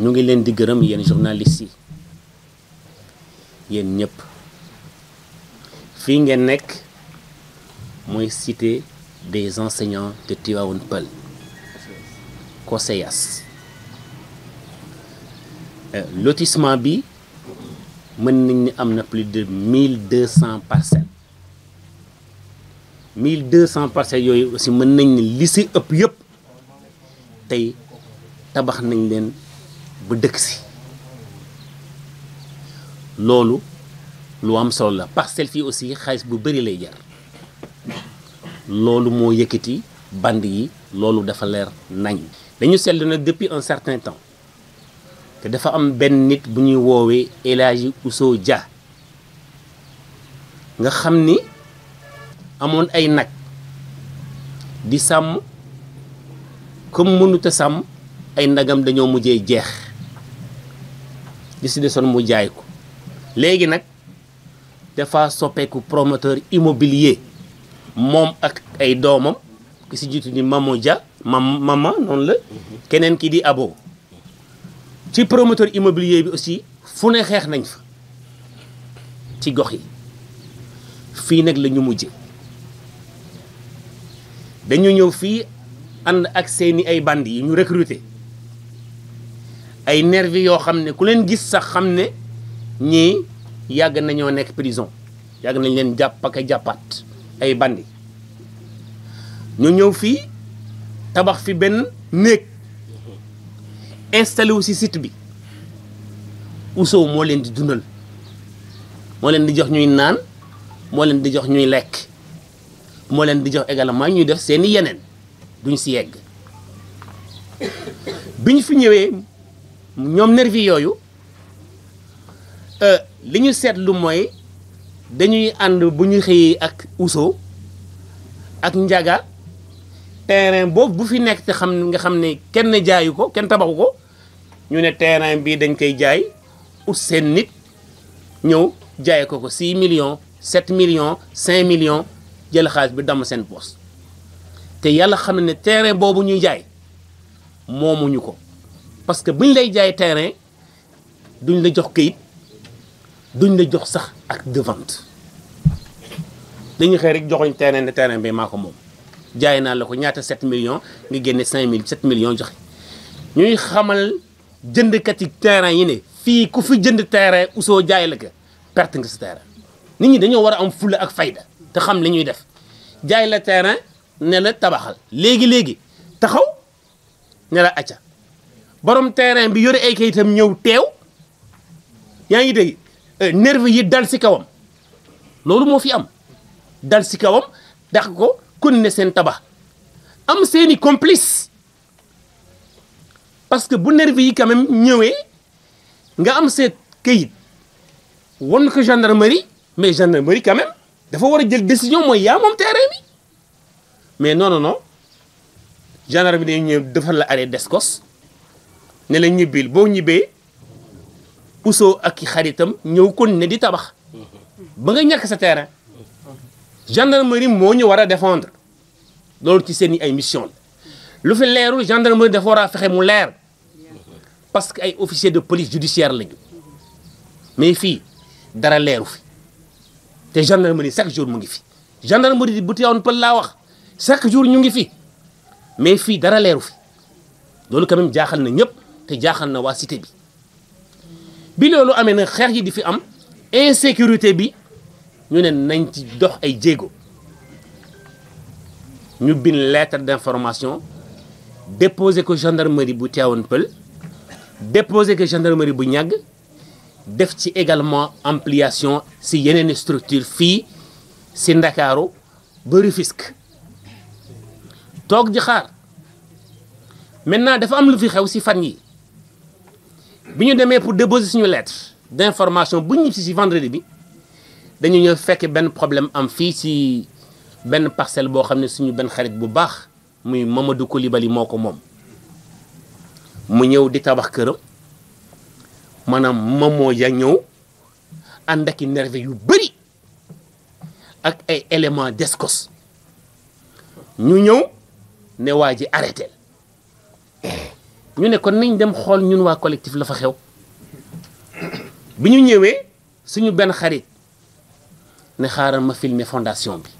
ñu ngi leen di gërëm yéen journalistes yi yéen ñëpp fii ngeen nekk mooy cité des enseignants de Tivaouane Peulh COSEYAS euh, lotissement bi mën nañ ni am na plus de mille cent parcelles mille deux cent parcelles yooyu aussi mën nañ ne li si ëpp yëpp tey tabax nañ leen bu dëkk si loolu lu am solo la parcelle fii aussi xaalis bu bëri lay jar loolu moo yëkkati band yi loolu dafa leer nañ dañu sell nag depuis un certain temps te dafa am benn nit bu ñuy woowee El Hadji Ousso Dia nga xam ni amoon ay nag di sàmm comme mënut a sàmm ay nagam dañoo mujjee jeex di si desoon mu jaay ko léegi nag dafa soppeeku promoteur immobilier moom ak ay doomam ki si jiitu ni Mamo Dia mam mama noonu la keneen ki di abo ci promoteur immobilier bi aussi fu ne xeex nañ fa ci gox yi fii nag lañu ñu dañu ñëw fii ànd ak seeni ay band yi ñu recruter ay nervi yoo xam ne ku leen gis sax xam ne ñii yàgg nañoo nekk prison yàgg nañ leen jàpp ak jàppaat ay bandi ñu ñëw fii tabax fi benn néeg installé wu si site bi Ousso moo leen di dundal moo leen di jox ñuy naan moo leen di jox ñuy lekk moo leen di jox également ñuy def seeni yeneen duñ si yegg biñ fi ñëwee ñoom nervi yooyu euh, li ñu seetlu mooy dañuy ànd bu ñu xëyee ak Ousso ak njaga terrain boobu bu fi nekk te xam nga xam ne kenn jaayu ko kenn tabaxu ko ñu ne terrain bii dañ koy jaay ut seen nit ñëw jaay ko ko 6 millions 7 millions 5 million jël xaalis bi damm seen poos te yàlla xam ne terrain boobu ñuy jaay moomuñu ko parce que buñ lay jaay terrain duñ la jox kayit duñ la jox sax ak de vente dañuy xëy rek joxuñ terrain ne terrain bi maa ko moom jaay naa la ko ñaata 7 million nga génne 5 mille 7 millions joxe ñuy xamal jëndkat yi terrain yi ne fii ku fi jënd terrain usoo jaay la ko perte nga sa terrain nit ñi dañoo war a am fulla ak fayda te xam li ñuy def jaay la terrain ne la tabaxal léegi-léegi taxaw ne la acca borom terrain bi yore ay kayitam ñëw teew yaa ngi dégg euh, nerve yi dal si kawam loolu moo fi am dal si kawam dax ko kon ne seen tabax am seeni complice parce que bu nerve yi quand ñëwee nga am seet kayit won ko gendre gendarmerie mais gendarmerie quand même dafa war a jël décision mooy yaa moom terrain bi mais non non non gendarme bi dañ la arrêt d'escorte ne la ñibbil boo ñibbee Ousso ak i xaritam ñëw kon ne di tabax ba nga ñàkk sa terrain gendarmerie moo ñu war a défendre loolu ci seen i ay mission la lu fi leeru gendarmerie dafa war a fexe mu leer parce que ay officiers de police judiciaire lañu mais fii dara leeru fi te gendarmerie chaque jour mu ngi fi gendarmerie bu Tivaouane Peulh laa wax chaque jour ñu ngi fi mais fii dara leeru fi loolu quand jaaxal na ñëpp te jaaxal na waa cité bi bi loolu amee na xeex yi di fi am insécurité bi ñu ne nañ ci dox ay jéego ñu bind lettre d'information déposé ko gendarmerie bu Tivaouane Peulh déposé ko gendarmerie bu ñàgg def ci également ampliation si yeneen structure fii si ndakaaru ba Rufisque toog di xaar maintenant dafa am lu fi xew si fan yi bi ñu demee pour déposer suñu lettre d' information bu ñu si si vendredi bi dañuy ñëw fekk benn problème am fii si benn parcelle boo xam ne suñu benn xarit bu baax muy ko libali moo ko moom mu ñëw di tabax këram maanaam mamoo ya ñëw ànd ak nerve yu bëri ak ay élément descos ñu ñëw ne waa ji arrêté ñu ne kon nañ dem xool ñun waa collectif la fa xew bi ñu ñëwee suñu benn xarit ne xaaral ma filmer fondation bi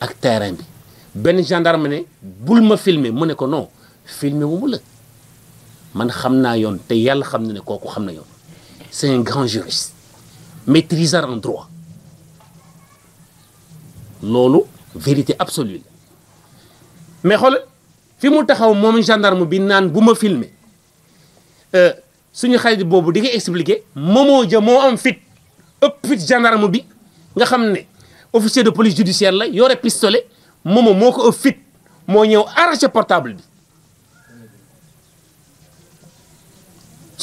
ak terrain bi benn gendarme ne bul ma filme mu ne ko non filmer wu mu la man xam naa yoon te yàlla xam na ne kooku xam na yoon c'est un grand juriste maîtriseur en droit loolu vérité absolue mais xool fi mu taxaw moom gendarme bi naan bu ma filmer euh, suñu xarit boobu di ko expliquer moomoo ja moo am fit ëpp fit gendarme bi nga xam ne officier de police judiciaire la yore pistolet moomoo moo ko ëpp fit moo ñëw arraché portable bi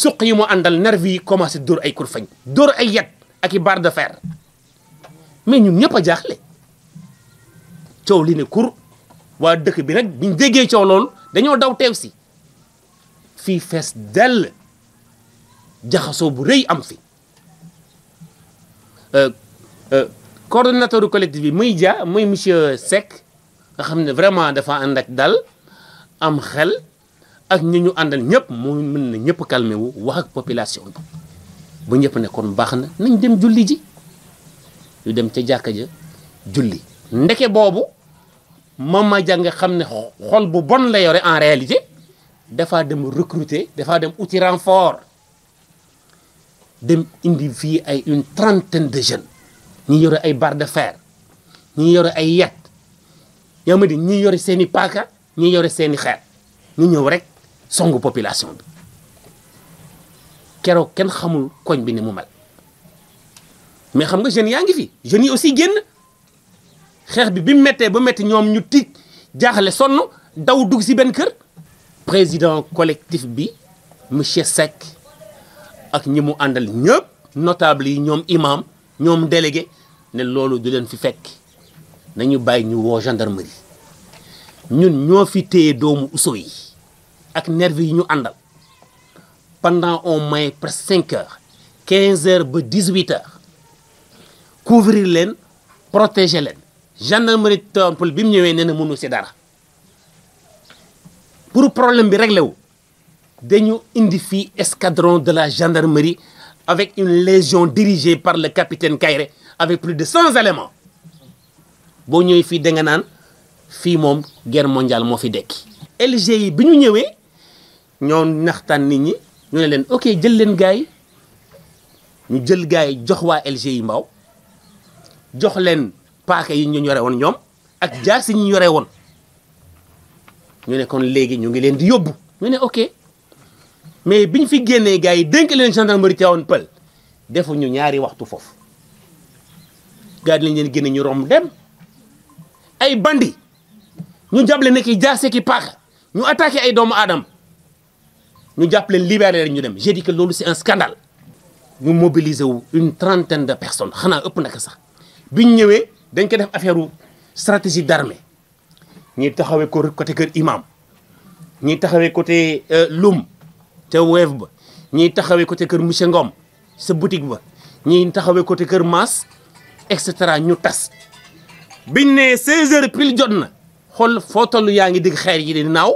suq yi mu àndal nervi yi commencé dóor ay kurfañ dóor ay yet ak i barre de fer mais ñun ñëpp a jaaxle coow li ne kur waa dëkk bi nag biñ déggee coow loolu dañoo daw teew si fii fees dell jaxasoo bu rëy am fi euh, euh, coordonnateur du collectif bi muy ja muy monsieur Seck nga xam ne vraiment dafa ànd ak dal am xel ak ñi ñu àndal ñëpp mu mën na ñëpp calmer wu wax ak population bi bu ñëpp ne kon baax na nañ dem julli ji ñu dem ca jàkka ja julli ndeke boobu mama jàng nga xam ne xol bu bon la yore en réalité dafaa dem recruter dafaa dem uti renfort dem indi fii ay une trentaine de jeunes ñi yore ay bar de fer ñi yore ay yet yaa ma di ñi yore seeni paaka ñi yore seen i xeer ñu ñëw rek songu population bi keroog kenn xamul koñ bi ni mu mel mais xam nga jeunes yaa ngi fi jeunes yi aussi génn xeex bi bi mettee ba métti ñoom ñu tiit jaaxle sonn daw dugg si benn kër. président collectif bi monsieur Seck ak ñi mu àndal ñëpp notable yi ñoom imam ñoom délégué ne loolu du leen fi fekk nañu bàyyi ñu woo gendarmerie ñun ñoo fi téye doomu Ousso yi. ak nervi yi ñu àndal pendant au moins presque cinq heures quinze heures ba dix huit heures couvrir leen protéger leen gendarmerie temple bi mu ñëwee nee na mënu si dara pour problème bi réglé wu dañu indi fii escadron de la gendarmerie avec une légion dirigée par le capitaine Kairé avec plus de cent éléments boo ñëwee fii da nga naan fii moom guerre mondiale moo fi dekki LG yi bi ñu ñëwee ñoo naxtaan nit ñi ñu ne leen ok jël leen gaay ñu jël gars yi jox waa LG yi mbaaw jox leen paaka yi ñu yore woon ñoom ak jaar si ñu yore woon ñu ne kon léegi ñu ngi leen di yóbbu ñu ne ok mais biñ fi génne gars yi dénk leen gendarmerie Tivaouane Peulh defu ñu ñaari waxtu foofu gars yi lañ leen génne ñu romb dem ay bandi ñu jable ne ki jaase ki paaka ñu attaqué ay doomu aadama ñu jàpp leen ñu dem j'ai dit loolu c'est un scandale ñu mobiliser wu une trentaine de personnes xanaa ëpp naka sax biñ ñëwee dañ ko def affaire u stratégie d'armée ñi taxawee ko côté kër imam ñi taxawee côté euh, Loum ca Wave ba ñi taxawee côté kër monsieur Ngom sa boutique ba ñi taxawee côté kër Mass et cetera ñu tas biñ ne 16 heures pile jot na xool foo toll yaa ngi dégg xeer yi naaw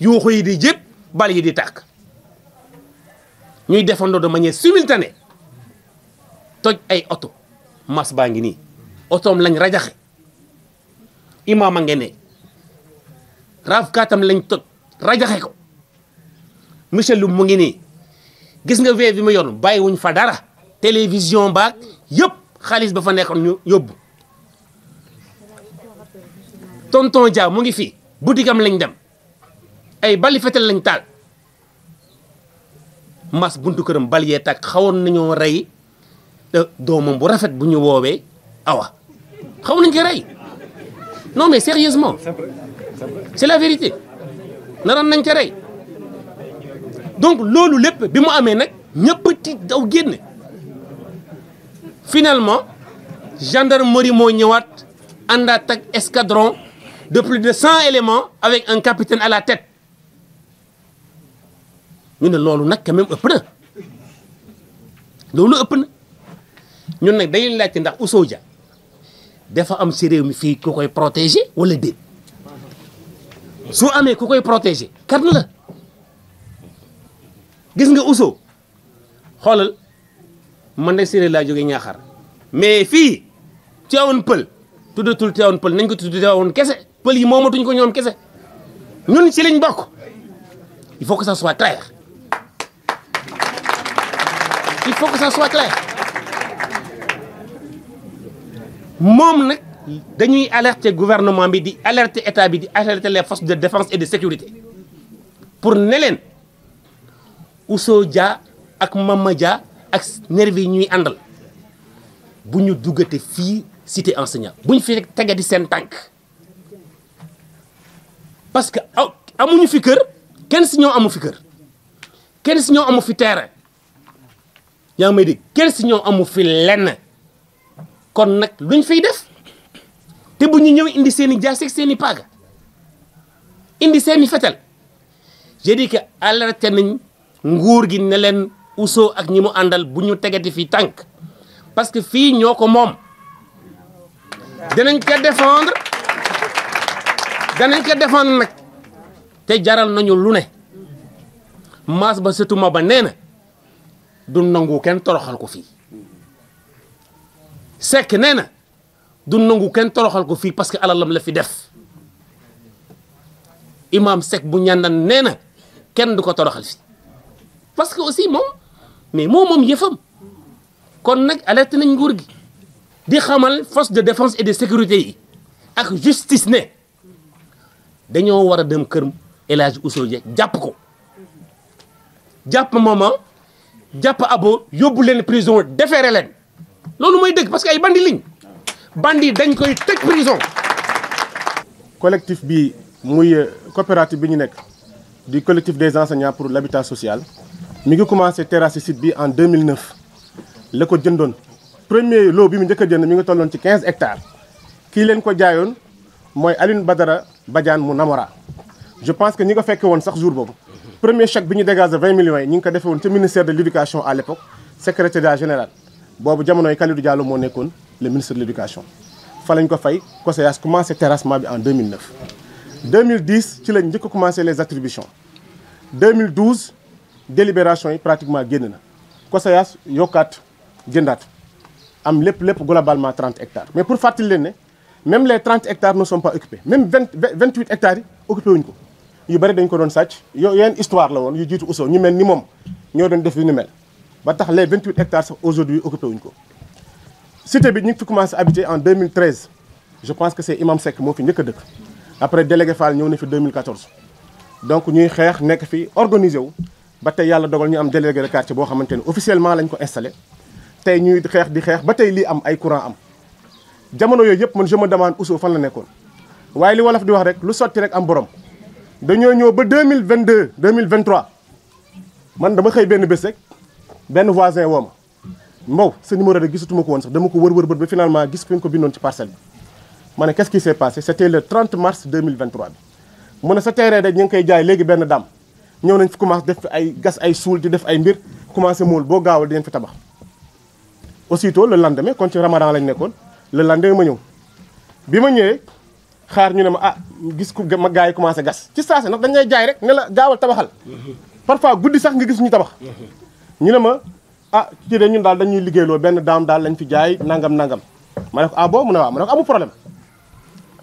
yuuxu yi di jëpp bal yi di tàkk ñuy defandoo de manière simultanée toj ay oto mas baa ngi nii otoom lañ rajaxe imaam a ngeen ne raafkaatam lañ toj rajaxe ko monsieur Loum mu ngi nii gis nga vee bi mu yor bàyyi wuñ fa dara télévision baak yëpp xaalis ba fa nekkoon ñu yóbbu tonton Dia mu ngi fi boutique am lañ dem ay bali lañ taal mas buntu këram bal yee tàkk xawoon nañoo rey e, doomam bu rafet bu ñu woowee awa xawoon nañ ko rey non mais sérieusement c'est la vérité naroon nañ ko rey donc loolu lépp bi mu amee nag ñëpp ti daw génn finalement gendarmerie moo ñëwaat àndaat ak escadron de plus de cent éléments avec un capitaine à la tête ñu ne loolu nag quand même ëpp loolu ëpp na ñun nag dañuy laajte ndax Ousseau Dia dafa am si réew mi fii ku koy protéger wala déet su amee ku koy protéger kan la gis nga Ousseau xoolal man de séeréer laa jógee ñaaxar mais fii teewoon pël tuddatul teewoon pël nañ ko tudd teewoon kese pël yi moomatuñ ko ñoom kese ñun ci lañ bokk il faut que ça il faut que ça soit moom nag dañuy alerte gouvernement bi di alerter état bi di alerter les forces de défense et de sécurité pour neleen leen Ousso ak Mama Dia ak nervi yi ñuy àndal bu ñu duggate fii cité enseignant bu ñu fi tegati seen tànk parce que amuñu fi kër kenn si ñoo amu fi kër kenn si ñoo amu fi terrain yaa ngi may dégg kër si ñoo amu fi lenn kon nag luñ fiy def te bu ñu ñëw indi seeni i seeni ak paaga indi seeni i fetal j'ai dit que alerté nañ nguur gi ne leen Ousso ak ñi mu àndal bu ñu tegati fi tànk parce que fii ñoo ko moom danañ ko défendre danañ ko défendre nag te jaral nañu lu ne mas ba setuma ba nee na du nangu kenn toroxal ko fii sekk nee na du nangu kenn toroxal ko fii parce que alalam la fi def imaam Seck bu ñàndan nee na kenn du ko toroxal fii parce que aussi moom mais moom moom yëfam kon nag alerte nañ nguur gi di xamal force de défense et de sécurité yi ak justice ne dañoo war a dem kër El Hadj Ousso jàpp ko jàpp mooma jàpp abo yóbbu leen prison defeere leen loolu mooy dëgg parce que ay bandi liñ bandi dañ koy tëj prison collectif bi muy euh, coopérative bi ñu nekk di collectif des enseignants pour l'habitat social mi ngi commencé terrasse site bi en 2009 la ko jëndoon premier lot bi mu njëkk jënd mi ngi tolloon ci 15 hectares kii leen ko jaayoon mooy Aline Badara Badiane mu Namora je pense que ñi nga fekke woon sax jour boobu premier chèque bi ñu dégagé 20 millions yi ñu ngi ko defee woon ci ministère de l' à l' époque général boobu jamonoy Kalidou Diallo moo nekkoon le ministre de l' éducation fa ko fay COSEYAS commencé terrassement bi en 2009 2010 ci lañ njëkk a commencé les attributions 2012 délibération yi pratiquement génn na COSEYAS yokkaat jëndaat am lépp lépp globalement 30 hectares mais pour fàttali leen ne même les 30 hectares ne sont pas occupés même 20 28 ko yu bari dañ ko doon sàcc yo yeneen histoire la woon yu jiitu Ousso ñu mel ni moom ñoo doon def yu ni mel ba tax les 28 hectares sax aujourd'hui occupé wuñ ko cité bi ñu ngi fi commencé habité en 2013 je pense que c'est Imam Seck moo fi njëkk a dëkk après délégué Fall ñëw na fi 2014 donc ñuy xeex nekk fi organisé wu ba tey yàlla dogal ñu am délégué de quartier boo xamante ne officiellement lañ ko installé tey ñuy xeex di xeex ba tey lii am ay courant am jamono yooyu yëpp man je me demande Ousso fan la nekkoon waaye li wolof di rek lu sotti rek am borom dañoo ñëw ba deux mille vingt deux deux mille vingt trois man dama xëy benn bés rek benn voisin woo ma Mbow sa numéro de gisatuma ko woon sax dama ko wër wër bët ba finalement gis fi nga ko bindoon ci parcelle bi. ma ne qu'est-ce qui s'est passé c'était le 30 mars 2023 bi mu ne sa terrain de ñu ngi koy jaay léegi benn dam ñëw nañ fi commencé def ay gas ay suul di def ay mbir commencé mool boo gaawal dinañ fi tabax. aussitôt le lendemain kon ci ramadan lañ nekkoon le lendemain ma ñëw bi ma ñëwee. xaar ñu ne ma ah gis ku ma gars yi commencé gas ci saase nag dañ lay jaay rek ne la gaawal tabaxal parfois guddi sax nga gis ñu tabax ñu ne ma ah ci de ñun daal dañuy liggéeyloo benn daam daal lañ fi jaay nangam nangam ma ne ko ah boo mu ne waaw ma ne ko amu problème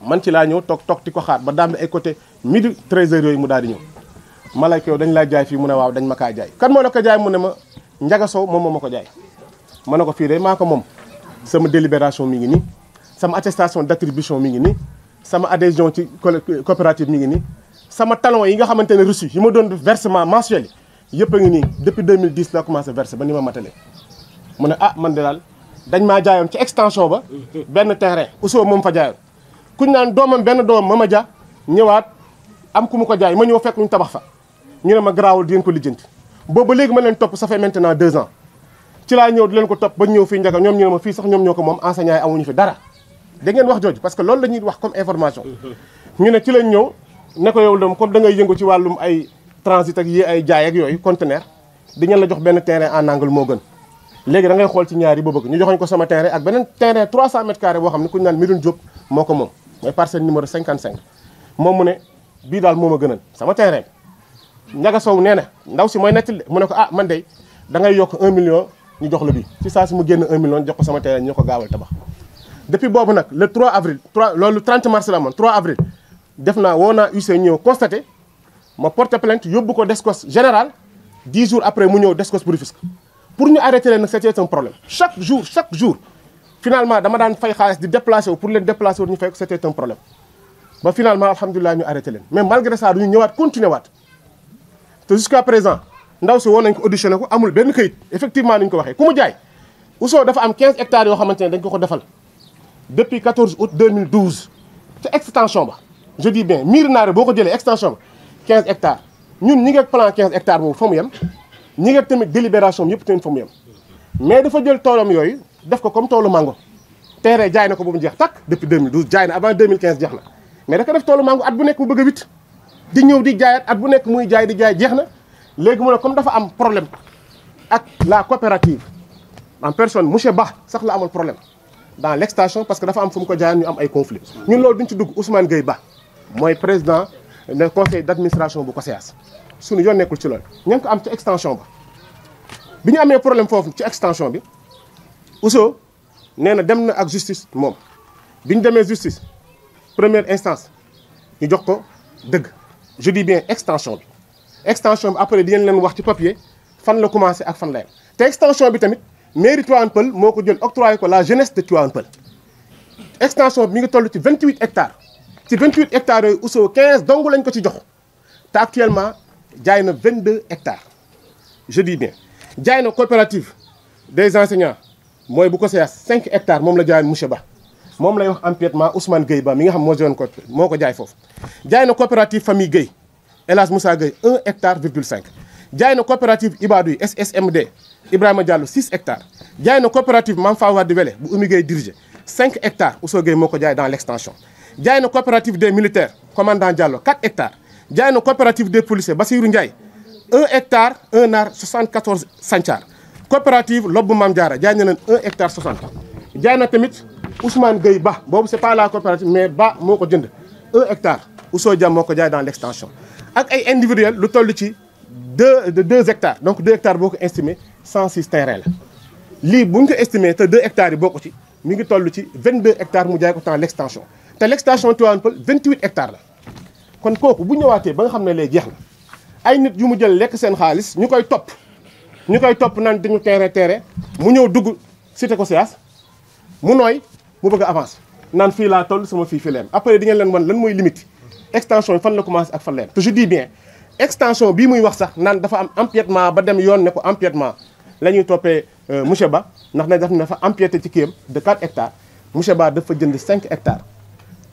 man ci laa ñëw toog toog di ko xaar ba daam bi ay côté midi 13 yooyu mu daal di ñëw ma lay yow dañ laa jaay fii mu ne waaw dañ ma kaa jaay kan moo la ko jaay mu ne ma Njaga Sow moom ma ko jaay ma ne ko fii de maa moom sama délibération mi ngi nii sama attestation d'attribution mi ngi nii sama adhésion ci colle coopérative mi ngi nii sama talon yi nga xamante ne reçu yi ma doon versement mensuel yi yëpp a ngi nii depuis 2010 laa commencé verser ba ni ma matale mu ne ah man de daal dañ maa jaayoon ci extension ba benn terrain Ousso moom fa jaayoon kuñ naan doomam benn doomam ma ma ja ñëwaat am ku mu ko jaay ma ñëw fekk ñu tabax fa ñu ne ma garaawul di ngeen ko lijjanti boobu ba léegi ma leen topp ça fait maintenant deux ans ci laa ko moom enseignant yi amuñu fi dara da ngeen wax jooju parce que loolu la ñuy wax comme information ñu ne ci lañ ñëw ne yow dam comme da ngay yëngu ci wàllum ay transit ak yi ay jaay ak yooyu conteneur di ngeen la jox benn terrain en angle moo gën léegi da ngay xool ci ñaar yi ba bëgg ñu joxoñ ko sama terrain ak beneen terrain 300 mètres carrés boo xam ne ku ñu naan Medoune Diop moo ko moom mooy parcelle numéro 55 moom mu ne bii daal moom a gënal sama terrain Ndiaga Sow nee na ndaw si mooy nettali mu ne ko ah man de da ngay yokk 1 million ñu jox la bi ci saa si mu génn 1 sama terrain ñu gaawal tabax depuis boobu nag le 3 avril 3 loolu 30 mars la amoon 3 avril def naa woo naa UC ñëw constaté ma porte plainte yóbbu ko DSCOS général 10 jours après mu ñëw DSCOS bu Rufisque pour ñu arrêté leen nag c'était un problème chaque jour chaque jour finalement dama daan fay xaalis di déplacé wu pour leen déplacé wu ñu fay ko c'était un problème ba finalement alhamdulilah ñu arrêté leen mais malgré ça ñu ñëwaat continué waat te jusqu'à présent ndaw si woo nañ ko auditionné benn këyit effectivement ni ñu ku mu jaay Ousso dafa am 15 yoo xamante ne dañ ko ko defal depuis 14 août 2012 te extension ba je dis bien miir naare boo ko jëlee extension ba 15 hectares ñun ñi ngi ak plan 15 hectares boobu fa mu yem ñi ngi tamit délibération bi yëpp tamit fa mu yem mais dafa jël toolam yooyu def ko comme toolu mango terrain jaay na ko ba mu jeex takk depuis 2012 jaay na avant 2015 jeex na mais dafa def toolu mango at bu nekk mu bëgg a di ñëw di jaayaat at bu nekk muy jaay di jaay jeex na léegi mu ne comme dafa am problème ak la coopérative en personne monsieur Ba sax la amoon problème dans l'extension parce que dafa am fu mu ko jaayan ñu am ay conflit ñun loolu duñ ci dugg Ousmane Gueye Ba mooy président ne conseil d'administration bu COSEAS suñu yoon nekkul ci loolu ña ngi ko am ci extension bi ñu amee problème foofu ci extension bi Ousso nee na dem na ak justice moom bi ñu demee justice première instance ñu jox ko dëgg je dis bien extension bi extension bi après di ngeen leen wax ci papier fan la commencé ak fan la yem te extension bi tamit mairie Tivaouane Peulh moo ko jël octroyé ko la jeunesse de Tivaouane Peulh extension bi mi ngi toll ci 28 hectares ci 28 hectares yooyu Ousso 15 lañ ko ci jox te actuellement jaay na 22 hectares je dis bien jaay na coopérative des enseignants mooy bu ko seeyaas 5 hectares moom la jaayoon monsieur Ba moom lay wax empiètement Ousmane Gueye Ba mi nga xam moo jëloon ko moo ko jaay foofu. jaay na coopérative famille Gueye El Hadj Moussa Gueye 1 hectare jaay na coopérative Ibadou yi SSMD. Ibrahima Diallo 6 hectares jaay na coopérative Mame Fawa di Wele bu Oumy Gueye dirigé 5 hectares Ousso Gueye moo ko jaay dans l' extension jaay na coopérative des militaires commandant Diallo 4 hectares jaay na coopérative des policiers Bassirou Ndiaye 1 hectare 1 ar 74 santiar coopérative Lobbu Mame Diarra jaay na leen 1 hectare 60 jaay na tamit Ousmane Gueye Ba boobu c' est pas la coopérative mais Ba moo ko jënd 1 hectare Ousso Dia moo ko jaay dans l' ak ay individuel lu toll ci 2 2 hectares donc 2 hectares boo ko cent six terrain la lii bu ñu ko estimé te deux hectares yi bokku ci mi ngi toll ci vingt deux hectares mu jaay ko temps l' extension te l' extension Tivaouane Peulh vingt huit hectares la kon kooku bu ñëwaatee ba nga xam ne lay jeex na ay nit yu mu jël lekk seen xaalis ñu koy topp ñu koy topp naan dañu teere teere mu ñëw dugg cité Gossias mu nooy mu bëgg a naan fii laa toll sama fii fi leen après di ngeen leen wan lan mooy limite extension yi fan la commencé fan leen te je dis bien extension muy wax sax naan dafa am empiètement ba dem yoon ne ko la ñuy toppee euh, monsieur Ba ndax ne daf ne dafa empiété ci kiyam de 4 hectares monsieur Ba dafa jënd cinq hectares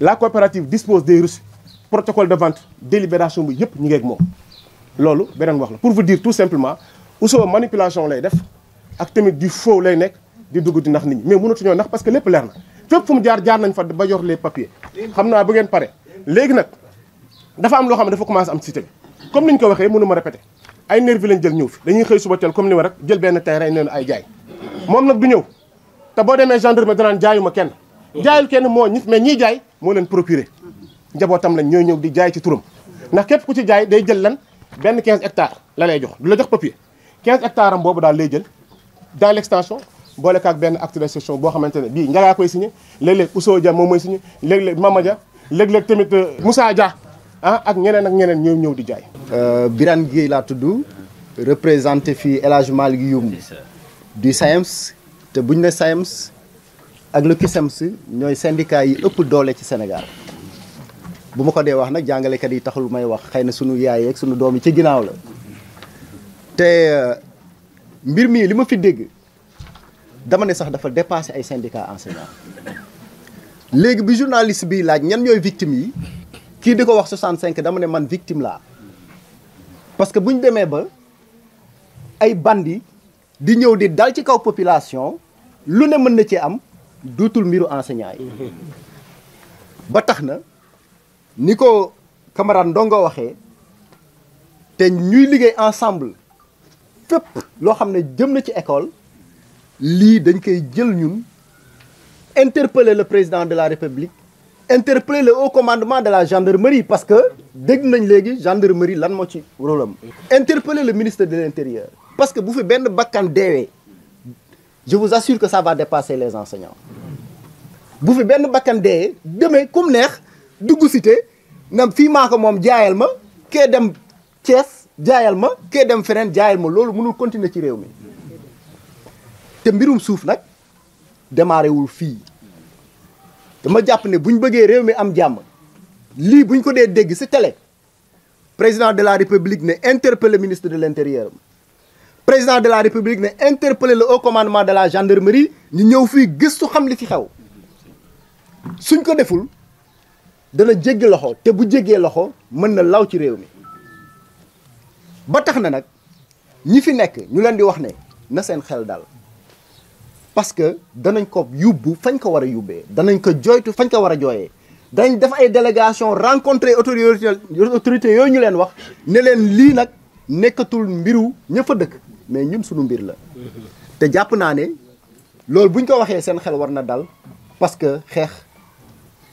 la coopérative dispose des reçus protocole de vente délibération bi yëpp ñu ngi moom loolu beneen wax la pour vous dire tout simplement Ousso manipulation lay def ak tamit du faux lay nekk di dugg di nax nit ñi mais mënatuñoo nax parce que lépp leer na fépp fu jaar jaar nañ fa ba yor les papiers xam naa bu ngeen pare léegi nag dafa am loo xam ne dafa commencé am ci comme ni ñu ko waxee mënu ma répété ay nervi lañ jël ñëw fi dañuy xëy suba teel comme ni war rek jël benn terrain nee ay jaay moom nag du ñëw te boo demee gendarme danaan jaayuma kenn jaayul kenn moo ñi mais jaay moo leen procuré njabootam lañ ñooy ñëw di jaay ci turam ndax képp ku ci jaay day jël lan benn 15 hectares la lay jox du la jox papier 15 hectares am boobu daal lay jël dans l' extension boole kaak benn acte de cession boo xamante ne bii njagaa koy signé léeg-léeg Ousso Dia moom mooy signé léeg-léeg Mama Dia léeg-léeg tamit euh, Moussa Dia ah ak ñeneen ak ñeneen ñooy ñëw di jaay. Euh, Birane Gueye laa tuddu représenté fii El Hadj Malick Youm du SAEMS te buñ ne SAEMS ak le CUSEMS ñooy syndicat yi ëpp doole ci Sénégal bu ma ko dee wax nag jàngalekat yi taxul may wax xëy na sunu yaay ak sunu doom yi ci ginnaaw la te euh, mbir mii li ma fi dégg dama ne sax dafa dépassé ay syndicat enseignant léegi bi journaliste bi laaj ñan ñooy victimes yi. kii di ko wax 65 dama ne man victime laa parce que bu ñu demee ba ay bandi di ñëw di dal ci kaw population lu ne mën na ci am duutul mbiru enseignant yi ba tax na ni ko camarade ndongo waxee te ñuy liggéey ensemble fépp loo xam ne jëm na ci école lii dañ koy jël ñun interpeller le président de la république interpeller le haut commandement de la gendarmerie parce que dégg nañ léegi gendarmerie lan moo ci rôle am interpeller le ministre de l'intérieur parce que bu fi benn bakkan deewee je vous assure que ça va dépasser les enseignants bu fi benn bakkan deewee demee kum neex dugg cité nam fii maa moom jaayal ma kee dem Thiès jaayal ma kee dem feneen jaayal ma loolu mënul continuer ci réew mi te mbirum suuf nag démarré wul fii dama jàpp ne bu ñu bëggee réew mi am jàmm lii bu ñu ko dee dégg si télé président de la république ne interpellé ministre de l'intérieur président de la république ne interpellé la haut commandement de la gendarmerie ñu ñëw fii gëstu xam li fi xew suñ ko deful dana jéggi loxo te bu jéggee loxo mën na law ci réew mi ba tax na nag ñi fi nekk ñu leen di wax ne na seen xel daal parce que danañ ko yóbbu fañ ko war a yóbbee danañ ko jooytu fañ ko war a jooyee dañ def ay délégation rencontré autorité autorité yooyu ñu leen wax ne leen lii nag nekkatul mbiru ña a dëkk mais ñun suñu mbir la te jàpp naa ne loolu buñ ko waxee seen xel war na dal parce que xeex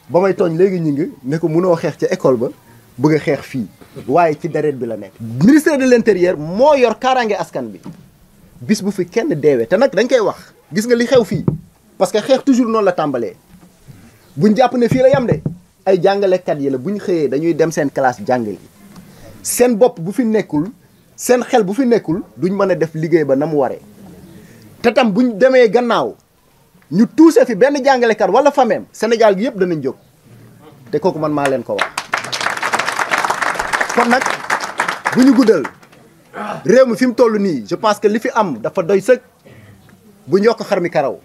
ba may tooñ léegi ñu ngi ne ko mënoo xeex ca école ba bëgg a xeex fii waaye ci deret bi la nekk ministère de l'intérieur moo yor kaaraange askan bi bis bu fi kenn deewee te nag dañ koy wax gis nga li xew fii parce que xeex toujours noonu la tàmbalee buñ jàpp ne fii la yam de ay jàngalekat yi la bu ñu xëyee dañuy dem seen classe jàng yi seen bopp bu fi nekkul seen xel bu fi nekkul duñ mën a def liggéey ba na mu waree te tam buñ demee gannaaw ñu tuuse fi benn jàngalekat wala fameem Sénégal gi yëpp danañ jóg te kooku man maa leen ko wax kon nag bu ñu guddal réew mi fi mu toll nii je pense que li fi am dafa doy sëkk bu ñu ko xar mi karaw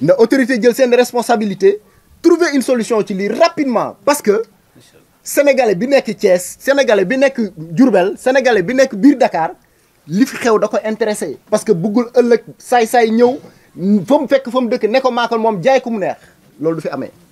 na autorité jël seen responsabilité trouver une solution ci lii rapidement parce que sénégalais bi nekk Thiès sénégalais bi nekk Diourbel sénégalais bi nekk biir dakaar li fi xew da ko intéressé parce que buggul ëllëg saay-saay ñëw fa mu fekk fa mu dëkk ne ko maako moom jaay ku mu neex loolu du fi amee